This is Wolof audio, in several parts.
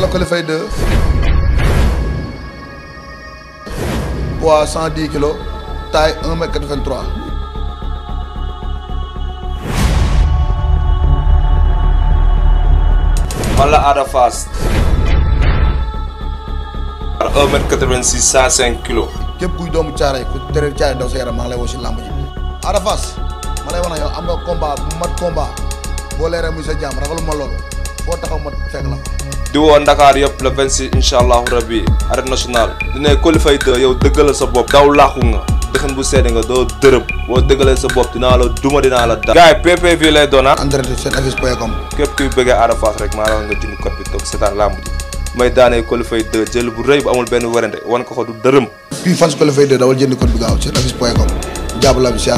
la Colifay 2 poids 110 kilos taille 1 mètre 83 man la Ada Fass 1 mètre 86 105 kilos képp kuy doomu caare ku tere caare ma lay wax na yow am nga combat bu mat combat boo leeree muy sa jàmm ragalu ma loolu di woo Ndakaar yëpp le 26 incha allahu rabi arène nationale di ne Coly Faye 2 yow dëggalal sa bopp daw laaxu nga dëxan bu seede nga doo dërëm boo dëggalee sa bopp dinaa la duma dinaa la da gars yi PPV lay doona ah. entretien seen affiche point com képp kuy bëggee Ada rek maa nga jënd code bi toog seetaan lamb ji may daanee Coly Faye 2 jël bu rëy bu amul benn werante wan ko ko du dërëm kuy fans Coly Faye jënd code bi gaaw seen affiche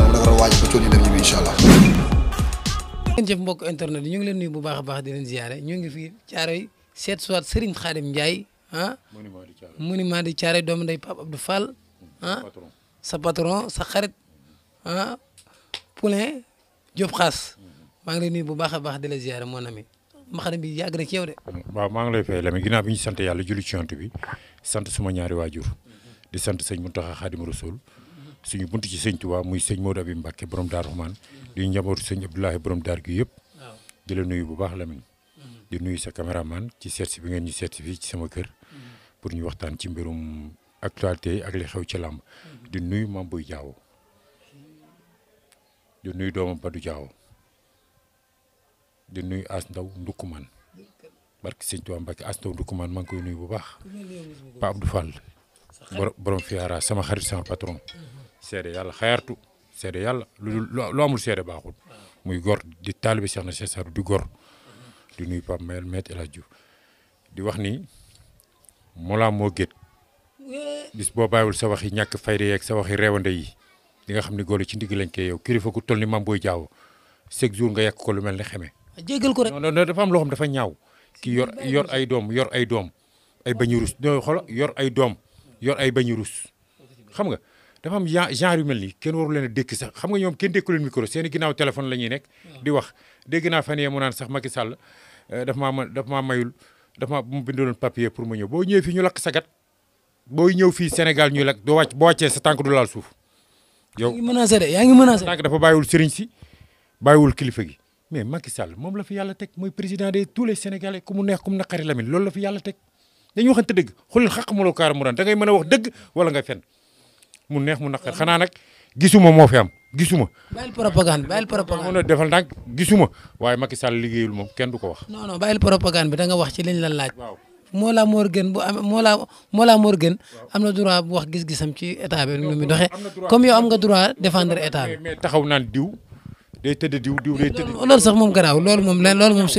ngeen jëf mbokk internet yi ñu ngi leen nuyu bu baax a baax di leen ziyaare ñu ngi fi Caaroy seet soit Serigne Khadim Ndiaye ah monument di Caaroy doomu ndey Pape Abdou Fall ah sa patron sa xarit ah Poulain Diop Xaas mm-hmm. maa ngi lay nuyu bu baax a baax di la ziyaare mon ami bi yàgg na ci yow de. waaw maa ngi lay fay Lamine ginnaaw bi ñu sant yàlla julli ci yonent bi sant suma ñaari waajur mm-hmm. di sant sëñ Mountakha Khadim Rasoul suñu bunt ci sëñ Tuubaa muy sëñ Maodo Abi Mbàkke borom Daaru Rahmaan di njabootu sëñ Abdoulahi borom daar gi yëpp di la nuyu bu baax Lamine mhm. di nuyu sa man ci seetsi bi ngeen ñu seetsi ci sama kër mhm. pour ñu waxtaan ci mbirum actualité ak li xew ci làmb mhm. di nuyu Mame Boye Diao di nuyu doomam Badou Diao di nuyu As Ndaw Ndukkumaan barke sëñ Tuubaa Mbàkke As Ndaw Ndukkumaan maa ngi koy nuyu bu baax Pa Abdou Fall borom fiara sama xarit sama patron seede yàlla xayaartu seede yàlla lu lu amul seede baaxul muy gor di taalibe Cheikh na Cheikh Sadou di gor di nuyu Pape Mayel Maître El Hadj Diouf di wax ni Mollah moo gét bis boo bàyyiwul sa waxi ñàkk fayda yeeg sa waxi réewande yi di nga xam ni góor ci ndigg lañ koy yow kilifa ku toll ni mam booy jaaw chaque jour nga yàq ko lu mel ni xeme. jéggal ko rek non dafa ñaaw. ki yor ay doom yor ay doom ay doom rus xam nga. dafa am genre yu mel nii kenn waru leen a dékk sax xam nga ñoom kenn dékku leen micro seen ginnaaw téléphone la ñuy nekk. di wax dégg naa fan yee mu naan sax Macky Sall eh, ma mayul daf maa bu ma bindaloon pour ma ñëw boo ñëwee fii ñu lakk sagat boo ñëw fi Sénégal ñuy lakk doo wàcc boo wàccee sa tànk du laal suuf. yow yaa ngi menacé de yaa ngi menacé tànk dafa bàyyiwul sëriñ si bàyyiwul kilifa gi mais moom la yàlla teg mooy président de tous les Sénégalais ku mu neex ku mu naqari loolu la yàlla teg dañu waxante dëgg xulil xaq mu daan da ngay mën a wax dëgg wala nga fen mu neex mu naqar xanaa nag gisuma moo fi am gisuma. bàyyil propagande bàyyil propagande. mën a defal nag gisuma waaye Macky Sall liggéeyul moom kenn du ko wax. bay non bàyyil propagande bi da nga wax ci liñ la laaj. waaw Mollah Morgun bu am Mollah Mollah Morgun am na droit bu wax gis-gisam ci état bi nu muy doxee comme yow am nga droit défendre état bi. mais taxaw naan diw. day tëdd diw diw day tëdd. loolu moom garaaw loolu moom lenn loolu moom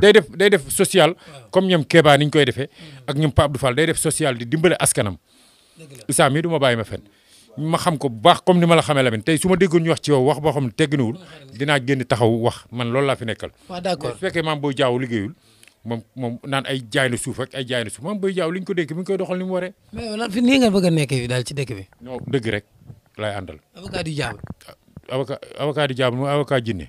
day def day def social. comme ñoom Kéba ni ñu koy defee. ak ñoom Pape Abdou Fall day def social di dimbale askanam. Issa mii du ma ma fen ma xam ko bu baax comme ni ma la xamee Lamine tey su ma déggoon ñu wax ci wax boo xam ne tegginuwul dinaa génn taxaw wax man loolu laa fi nekkal. waaw d'accord su fekkee maam booy jaaw liggéeyul. moom moom naan ay jaay na suuf ak ay jaay na suuf moom Boy Diaw li ñu ko dénk mi ngi koy doxal ni mu waree. mais lan fi nii nga bëgg a nekkee daal rek laay àndal. avocat di jaabul. avocat avocat di jaabul mooy jinne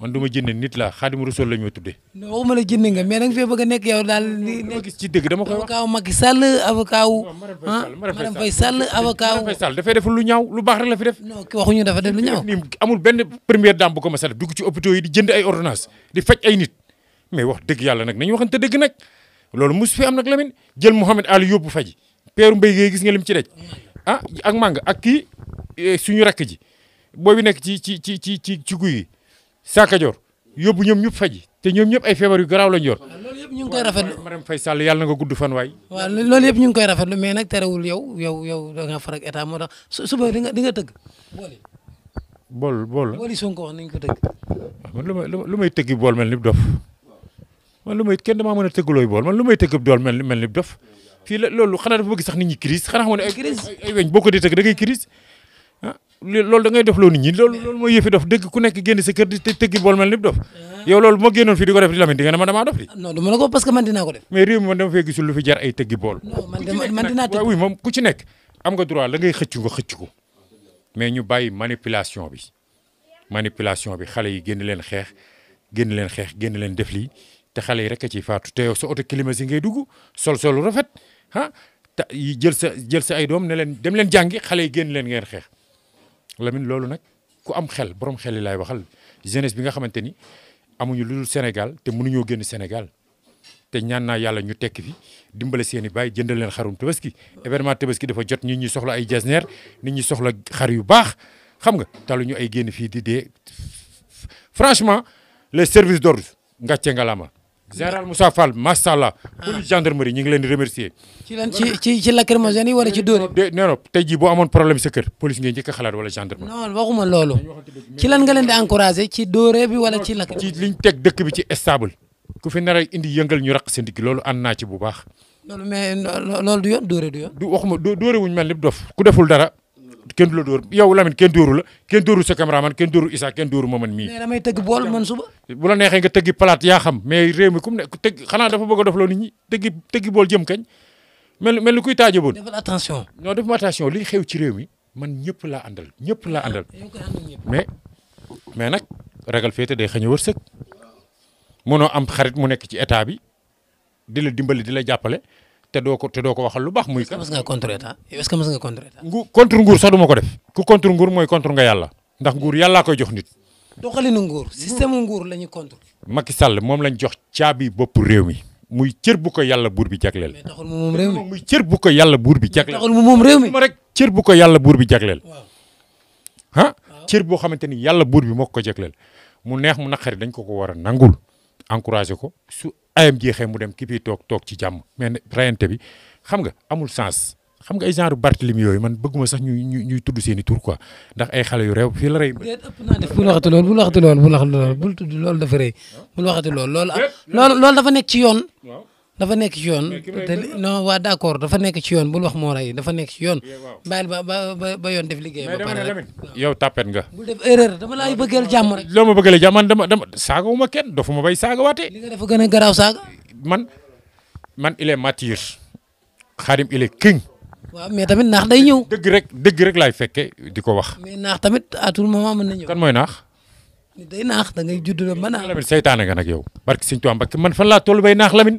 man du ma jinne nit la Xaadimu Rasuul la ñu ma tuddee. non waxuma la jinne nga mais da nga fee bëgg nekk yow daal. dama gis ci dëgg dama koy wax avocat wu Macky Sall ah, def lu ñaaw lu baax rek la fi def. non ki waxuñu dafa def lu ñaaw. amul benn première dame bu ko mas a def dugg ci hôpitaux yi di jënd ay ordonnance di faj ay nit mais wax dëgg yàlla nag nañu waxante dëgg nag loolu mus fi am nag Lamine jël Mouhamed Ali yóbbu faji mbay mbéy gis nga lim ci daj ah ak màng ak kii eh, suñu rakk ji boobu nekk ci ci ci ci ci ci guy yi Sakajor yóbbu ñoom ñëpp faji te ñoom ñëpp ay feebar yu garaw lañ yor. loolu yëpp ñu ngi koy rafet Marème Faye Sall yàlla na nga gudd fan waay. waaw loolu ñu ngi koy rafetlu mais nag terewul yow yow yow da nga far ak état moo suba di nga di nga tëgg. bool bool bool yi Sonko wax nañ ko tëgg. Ah, man lu may lu may tëggi bool mel ni dof man lu may mën a tëggalooy bool man lu may tëgg bool mel ni mel ni dof fii la loolu xanaa dafa bëgg sax nit ñi crise xanaa xamoon ne ay ay weñ boo tëgg da ngay ah, loolu da dof loo nit ñi loolu loolu mooy yëfi dof dëgg ku nekk génn sa di tëggi bool mel ni dof ah. yow loolu moo génnoon fii di ko def di Lamine di nga ne ma damaa dof di non du ma la ko parce que ko def mais réew mi man dama fee gisul lu fi jar ay tëggi bool man dinaa nekk am nga droit la ngay xëcc ko xëcc ko mais ñu bàyyi manipulation bi manipulation bi xale yi génn leen xeex génn leen xeex génn leen def lii te xale yi rek ciy faatu te yow sa oto climat ngay dugg sol rafet ah ta jël sa jël sa ay doom ne leen dem leen jàngi xale yi génn leen ngeen xeex Lamine loolu nag ku am xel borom xel yi laay waxal jeunesse bi nga xamante ni amuñu lu dul Sénégal te mënuñoo génn Sénégal te ñaan naa yàlla ñu tekki fi dimbale seen i baay jëndal leen xarum tabaski événement tabaski dafa jot nit ñi soxla ay jasneer nit ñi soxla xar yu baax xam nga taluñu ay génn fii di dee franchement les services d'ordre ngàcce lama général Moussa Fall macha allah. police ah. gendarmerie ñu ngi leen di remercier. ci lan ci ci ci lacrymogène yi wala ci dóor yi. non non tey jii boo amoon problème sa kër police ngeen njëkk xalaat wala gendarmerie. non waxuma loolu. ci lan nga leen di encouragé ci dóore bi wala ci lakk. ci liñ teg dëkk bi ci stable. ku fi nar indi yëngal ñu raq seen digg loolu an naa ci bu baax. loolu mais loolu du yoon dóore du yoon. du waxuma dóore wuñu mel ni dof ku deful dara kenn du door yow lamit kenn dóoru la kenn dóoru sa caméraman kenn dóoru Issa kenn dóoru ma man mii. mais damay tëgg bool man suba. bu la neexee nga tëggi palaat yaa xam mais réew mi ku mu ne tëgg xanaa dafa bëgg a dofloo nit ñi tëggi tëggi bool jëm kañ mel mel ni kuy taajaboon. defal attention non defuma attention li xew ci réew mi man ñëpp laa àndal ñëpp laa àndal. mais mais nag ragal féete day xañ a wërsëg mënoo am xarit mu nekk ci état bi di la dimbali di la jàppale te doo ko te lu baax. muy que mës nga contre état est-ce que mës nga contre état. ngu contre nguur sax du ma ko def. ku contre nguur mooy contre nga yàlla. ndax nguur yàllaa koy jox nit. doxalinu nguur système nguur la ñuy moom lañ jox caabi bopp réew mi. muy cër bu ko yàlla buur bi jagleel. mais taxul mu moom réew mi bu ko yàlla buur bi jagleel. taxul mu moom réew mi rek cër bu ko yàlla buur bi jagleel. ah cër boo xamante ni yàlla buur bi moo ko jagleel. mu neex mu naqari dañ ko ko war a nangul encouragé ko ayam jeexee mu dem ki toog toog ci jàmm mais rayante bi xam nga amul sens xam nga ay genre Barthélemy yooyu man bëgguma sax ñuy ñuy ñuy tudd seen i tur quoi ndax ay xale yu réew fii la rey. déet ëpp naa def bul waxati loolu bul waxati loolu bul waxati tudd loolu dafa rëy bul waxati loolu loolu. dafa nekk ci yoon. dafa nekk ci yoon te non waa d'accord dafa nekk ci yoon bul wax moo rey dafa nekk ci yoon bàyyil ba ba ba yoon def liggéey ba pare rek yow tapet nga bul def erreur dama laay bëggeel jàmm rek loo ma bëggeel jàmm man dama dama saagawuma kenn dofuma bay saaga waatee li nga dafa gën a garaaw saaga man man il est mature Khadim il est king waaw mais tamit naax day ñëw dëgg rek dëgg rek laay fekke di ko wax mais naax tamit à tout moment mën na ñëw kan mooy naax day naax da ngay judd ba naax Lamine seytaane nga nag yow barki Sëñ Tuubaa Mbàkke man fan laa toll bay naax Lamine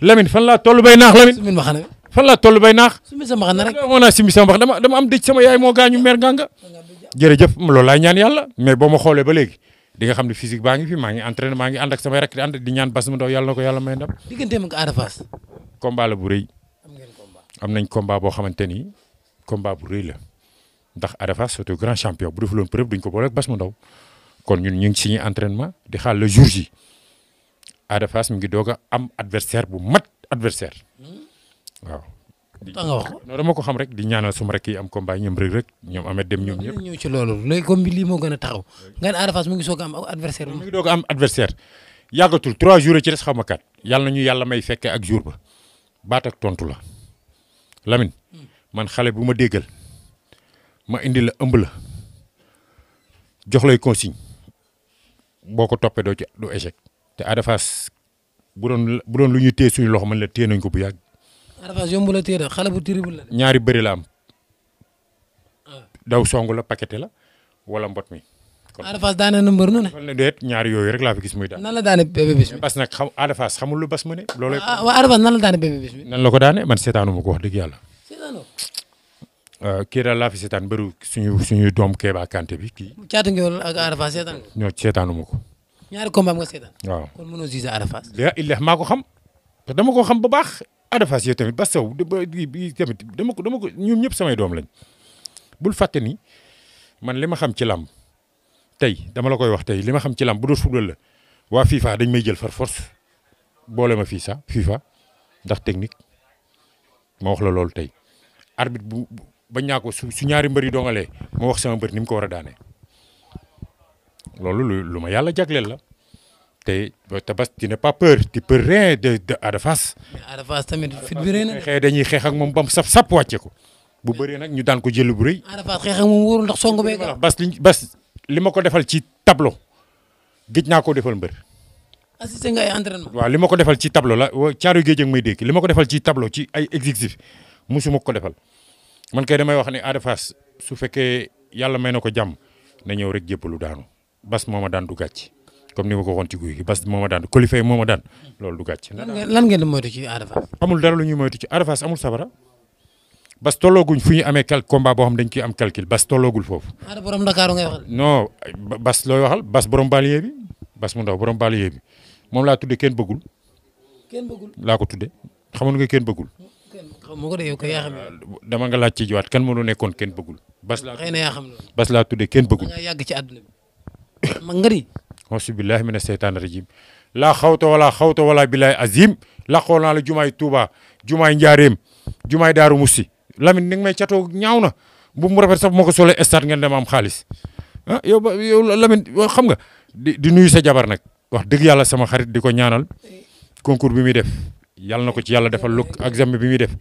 Lamine fan laa toll bay naax Lamine. sumin mbaxana fan laa toll bay naax. sumin sa mbaxana rek moo naa dama am dëj sama yaay moo gaañu mer nganga jërëjëf loolu laay ñaan yàlla mais boo ma xoolee ba léegi nga xam ne physique baa ngi fi maa ngi entraîné maa ngi ànd ak samay rek di ànd di ñaan bas mu ndaw yàlla na ko yàlla may am ngeen combat nañ combat boo xamante ni combat bu rëy la ndax Ada Fass c'est un grand champion bu defuloon preuve duñ ko boole ak bas mu kon ñun ñu ngi suñuy entraînement di xaar le jour Ada Fass mi ngi doog am adversaire bu mat adversaire hmm? waaw. da nga wax ko dama ko xam rek di ñaanal suma rek yi am combat ñoom rek rek ñoom amet dem ñoom ñëpp. ñëw ci loolu léegi comme bi moo gën a taxaw. nga ne Ada Fass ngi soog a am adversaire mi ngi a am yàggatul 3 jours ci des xaw ma kat yàlla na ñu yàlla may fekke ak jour ba baat tontu la lamin hmm. man xale bu ma déggal ma indi la ëmb la jox lay consigne boo ko toppee doo ci du échec. te Ada Fass bu bu doon lu ñuy téye suñu loxo man la téye nañ ko bu yàgg. Ada Fass yomb la téye de xale bu tiri bu la. ñaari bëri la am. Ah. daw song la paqueté la wala mbot mi. kon Ada Fass daane na mbër na ne. wala déet ñaari nag xam Ada Fass xamul mu ne. loolay ah waaw Ada Fass nan la daane bébé bis bi. la ko daane man seetaanu ko wax dëgg yàlla. seetaanoo. Euh, kii daal laa fi suñu suñu doom Kéba Kanté bi kii. caatu ngeewal ak Ada Fass seetaan. ko. ñaari combat nga waaw kon mënoo gis Ada maa ko xam dama ko xam ba baax. Ada Fass yow tamit ba sew bi tamit dama ko dama ko ñoom ñëpp samay doom lañ bul fàtte ni man li ma xam ci làmb tey dama la koy wax tey li ma xam ci làmb bu doon football la waa FIFA dañ may jël far force boole ma fii sax FIFA ndax technique ma wax la loolu tey arbitre bu bañ naa ko su ñaari mbër yi dongalee ma wax sama mbër ni mu ko war a daanee. loolu lu lu ma yàlla jagleel la te te bas dina pas peur di peur rien de de Ada dañuy xeex ak moom bam sap sap wàcce ko bu bëree nag ñu daan ko jël bu rëy. Ada Fass moom wóorul ndax songu bee bas li bas li ma ko defal ci tablo gëj naa ko defal mbër. assisté nga ay entraînement. waaw li ma ko defal ci tablo la caaru géej ak may li ma ko defal ci tableau ci ay exécutif musuma ko defal man kay damay wax ni Ada su fekkee yàlla may na ko jàmm na ñëw rek jéppalu daanu. bas moo ma daan du gàcc comme ni ma ko waxoon ci guy gi bas daan kolifay ci amul dara lu ñuy moytu ci Ada Fass amul sabara bas tollooguñ fu ñu amee cal combat boo xam dañ ciy am calcul bas tolloogul foofu. Ada borom Dakar ngay waxal. borom banlieue bi bas mu ndaw borom banlieue bi moom laa tuddee ken bëggul. kenn bëggul laa ko tuddee xamoon nga kenn bëggul. xam ko de yow kay yaa xam dama nga laaj ci jiwaat kan moo nekkoon kenn yàgg ci man nga ngari auzu billahi mina seytaani rajim laa xawta wala xawta wala billahi azim laqool naa la jumaay tuuba jumaay Njaareem jumaay Daaru Musi Lamine ni may catoo ñaaw na bu mu rafet sax bu ma ko solee stade ngeen dem am xaalis ah yow ba yow Lamine xam nga di nuyu sa jabar nag wax dëgg yàlla sama xarit di ko ñaanal concours bi muy def yàlla na ko ci yàlla defal lu examen bi muy def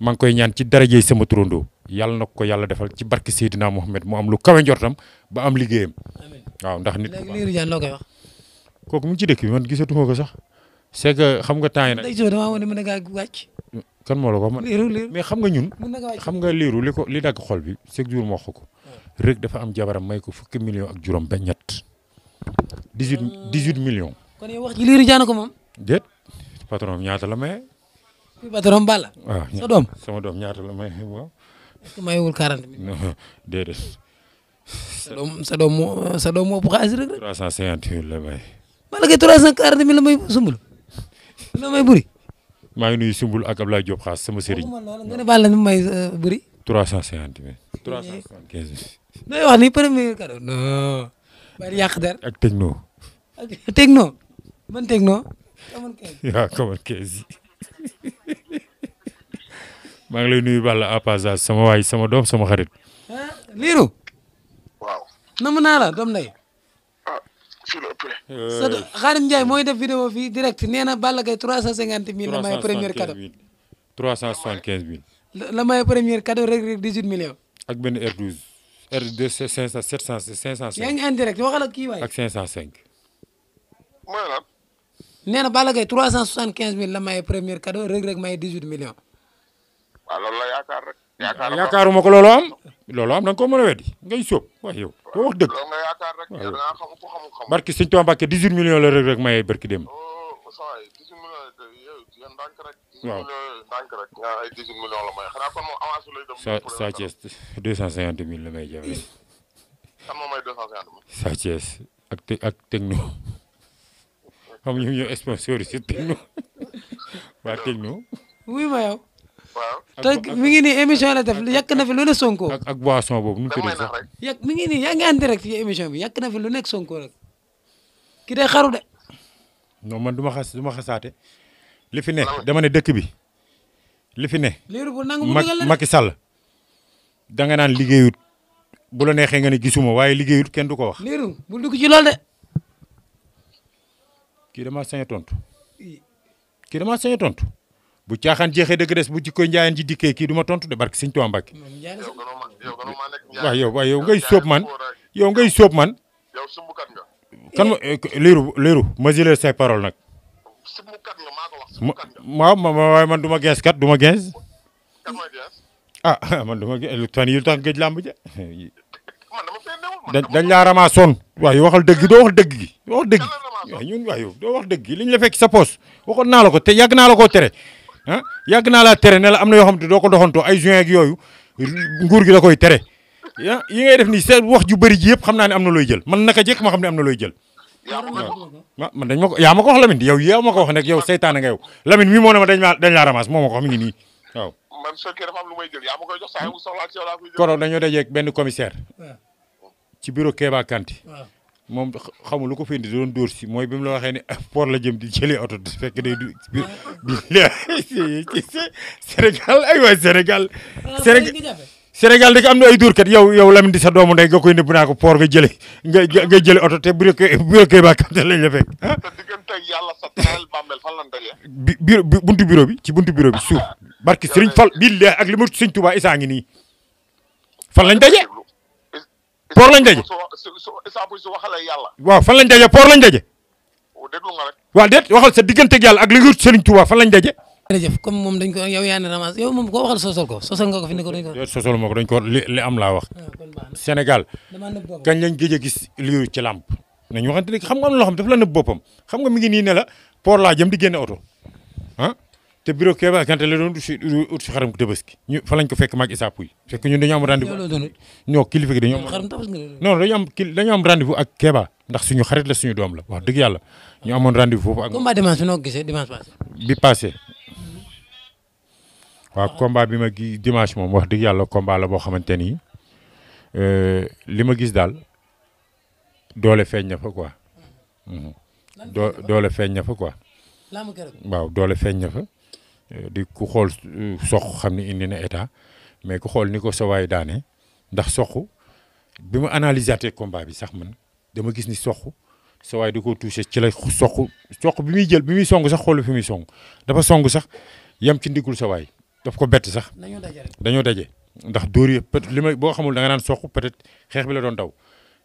maa ngi koy ñaan ci darajey sama turandoo yàlla na ko yàlla defal ci barke Seydina Mohamed mu am lu kawe njortam ba am liggéeyam. waaw ndax nit léegi Lirou Diane loo koy wax. kooku mu ngi ci dëkk bi man gisatuma ko sax c'est que xam nga temps yi nag. day jox damaa wane mën ngaa wàcc. kan moo ko man mais xam nga ñun. xam nga liiru li ko li dagg xol bi chaque jour moo wax ko. rek dafa am jabaram may ko fukki million ak juróom ba ñett. 18 18 euh, millions. kon yow wax ko moom. déet ñaata la maye. patron Balla. waaw ah, doom sama doom ñaata la maye waaw. est-ce que sa doom sa doom moo sa doom moo ëpp xaalis rek rek. 350 la bay. Balla Gaye 340 mille la may sumbul la buri. maa ngi nuyu sumbul ak Ablaye Diop xaas sama sëriñ. nga ne Balla mi may euh, buri. 350 mille. 375 maa ngi lay nuyu Balla à sama waay sama doom sama xarit. liiru. namu naa la doom nday ah, fii la ëppale. sa Xaadim euh, Ndiaye mooy def vidéo fii direct nee na Balla Gaye 350 mille la may première cadeau 375 mille. la may première cadeau rek rek 18 millions. ak benn R12. R2 500 700 505. yaa ngi en direct waxal ak kii waay. ak 505. mooy lan. nee na Balla Gaye 375 mille la may première cadeau rek rek may 18 millions. waaw loolu la yaakaar rek. Ah, yaakaaruma ko loolu am. loolu am na nga koo mën a weddi ngay sóob wax yow boo wax dëgg barki sëñ Tuubaa Mbàkke 18 millions la rek rek barki oh, ah, dem waaw sa Sa Thiès 250 000 la may jaay Sa Thiès ak te ak Tecno ñu ñoo sponsorisé Tecno waa Tecno wuy ma yow te mi ngi nii émission la def yàq na fi lu ne Sonko. ak ak boisson boobu mi ngi nii yaa ngi en direct lu nekk Sonko rek ki de. man du ma xas du ma xasaate li fi ne dama ne dëkk bi li fi ne. liir bu nangu mu dugal la Macky Sall da nga naan liggéeyut bu la neexee nga ne gisuma waaye liggéeyut kenn du ko wax. liiru bu dama sañ tontu kii dama sañ tontu. bu caaxaan jeexee dëgg des bu ci koy njaayeen ji dikkee kii du ma tontu de barke Sëñ Tuubaa Mbàkke waaw yow waaw yow ngay sóob man yow ngay man kan ma eh, liiru liiru ma jëlee say parole nag ma man du ma gees kat du ma gees ah man du ma gees fan yi tax géej làmb ja dañ laa ramaasoon waaw waxal dëgg doo wax dëgg gi doo wax dëgg waaw ñun waaw yow doo wax dëgg gi li ñu la fekk sa poos waxoon naa la ko te yàgg naa la koo tere ah yàgg naa tere ne am na yoo xam te doo ko doxantoo ay juin ak yooyu nguur gi da koy tere ah yi ngay def nii seen wax ju bëri ji yëpp xam naa ne am na looy jël man naka jëkk ma xam ne am na looy jël. ma ko yaa ma ko wax Lamine yow yaa ma ko wax nag yow seytaane nga yow Lamine mi moo ne ma dañ ma dañ moo ma ko wax mi ngi nii waaw. man su fekkee dafa ma koy jox saa yu soxla ak yow laa koy jël. koro dañoo dajeeg benn commissaire. ci bureau Kéba Kanti. moom xamul lu ko fii di doon dóor si mooy bi mu la waxee ne port la jëm di jëlee oto di fekk day du Sénégal ay waay Sénégal Sénégal da am na ay dóorkat yow yow Lamine di sa doomu ndey nga koy nëbb naa ko port nga jëlee ga nga jëlee oto te bu rekkee bu rekkee ba kam lañ la fekk ah. bi bi buntu bureau bi ci buntu bureau bi suuf barki Serigne Fall billahi ak li ma sëñ Touba isaa ngi nii fan lañ daje port lañ daje. waaw fan lañ daje port lañ daje. waaw déet waxal sa digganteeg yàlla ak li nga Serigne Touba fan lañ daje. jërëjëf comme moom dañ ko yow yaa ne ramas yow moom koo waxal sosol ko sosol nga ko fi ne ko dañ ko sosol moo ko dañ ko li li am laa wax ah, Sénégal kañ lañ gëj a gis liiru ci làmp nañ waxante ne xam nga am na xam daf la nëbb boppam xam nga mi ngi nii ne la port laa jëm di génne oto te bureau Kéba Kanté la doon ut si ut si xaram tabaski ñu fa lañ ko fekk maag Issa Pouye fekk ñun dañu am rendez-vous ñoo kilifa gi dañu am non dañu am kil dañu am rendez-vous ak Kéba ndax suñu xarit la suñu doom la wax dëgg yàlla ñu amoon rendez-vous foofu ak combat dimanche noo gisee dimanche passé bi passé waaw combat bi ma gi dimanche moom wax dëgg yàlla combat la boo xamante ni euh, li ma gis daal doole feeñ na fa quoi mm. mhm. doole feeñ na fa quoi waaw doole feeñ na fa di ku xool euh, soq xam ne indi na état mais ku xool ni ko sawaay daane ndax soq bi ma analyser combat bi sax man dama gis ni soq sawaay di ko touché ci la soq soq bi muy jël bi muy song sax xool fi muy song dafa song sax yam ci ndigul sawaay daf ko bett sax. dañoo daje dañoo daje ndax dóor yi peut li may boo xamul da nga naan soq peut être xeex bi la doon daw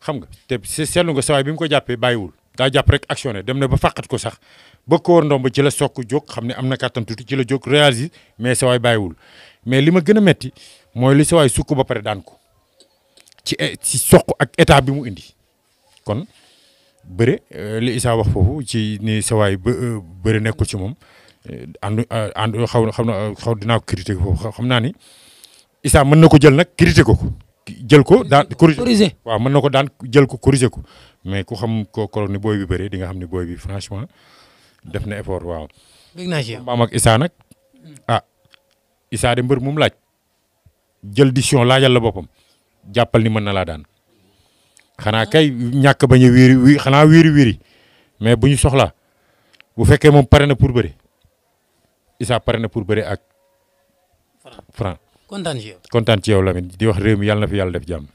xam nga te seetlu nga sawaay bi mu ko jàppee bàyyiwul daa jàpp rek actionné dem na ba fàqat ko sax ba ko war ndomb ci la sokk jóg xam ne am na kàttan tuuti ci la jóg réalise mais sa waay bàyyiwul mais li ma gën a metti mooy li sa waay sukk ba pare daan ko ci eh, ci soq ak état bi mu indi kon bëre euh, li Issa wax foofu ci ni sa waay ba euh, bëre nekkul ci moom ànd euh, ànd xaw na xaw na xaw dinaa ko critiquer foofu xam naa ni Issa mën na ko jël nag critiquer ko jël ko daan corriger waaw mën na ko daan jël ko corriger ko mais ku xam ko ko ni booy bi bëre di nga xam ne booy bi franchement def na effort waaw. dégg naa ci ak Issa nag ah Issa de mbër mu laaj jël décision laajal la boppam jàppal ni man na laa daan xanaa kay ñàkk bañ a wiiri wi xanaa wiiri wiiri mais bu ñu soxlaa bu fekkee moom pare na pour bëri Issa pare na pour bëri ak. Franc kontaan ci yow kontaan ci yow Lamine di wax réew mi yàlla na fi yàlla def jàmm.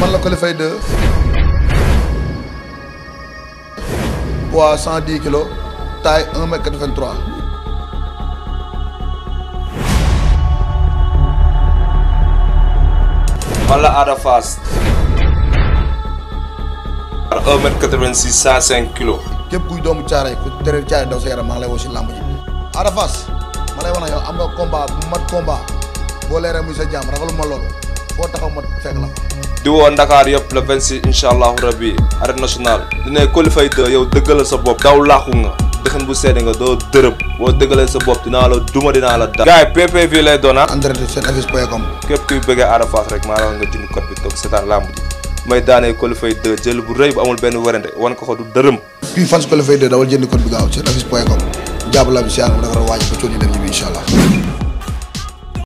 man la Coly Faye 2 poids 110 kilos taille 1 mètre 83 man la Ada Fass 1 mètre 86 105 kilos képp kuy doomu caaray ku tere caaray daw sa yaram maa lay woo si làmb ji Ada lay wax na am nga combat bu mat combat boo leeree muy sa jaam ragalu ma loolu foo taxaw ma fekk la di woo Ndakaar yëpp le 26 incha allahu rabi arène nationale di ne qualifié de yow dëggalal sa bopp daw laaxu nga dëxan bu seede nga doo dërëm boo dëggalee sa bopp dinaa la duma dinaa la da gars yi PPV lay doona ah. entraîné seen affiche point com képp kuy bëggee Ada Fass rek maa la nga jënd bi toog seetaan lamb may daanee qualifié de jël bu rëy bu amul benn werante wan ko ko du dërëm kuy fans qualifié de dawal jënd code bi gaaw seen affiche point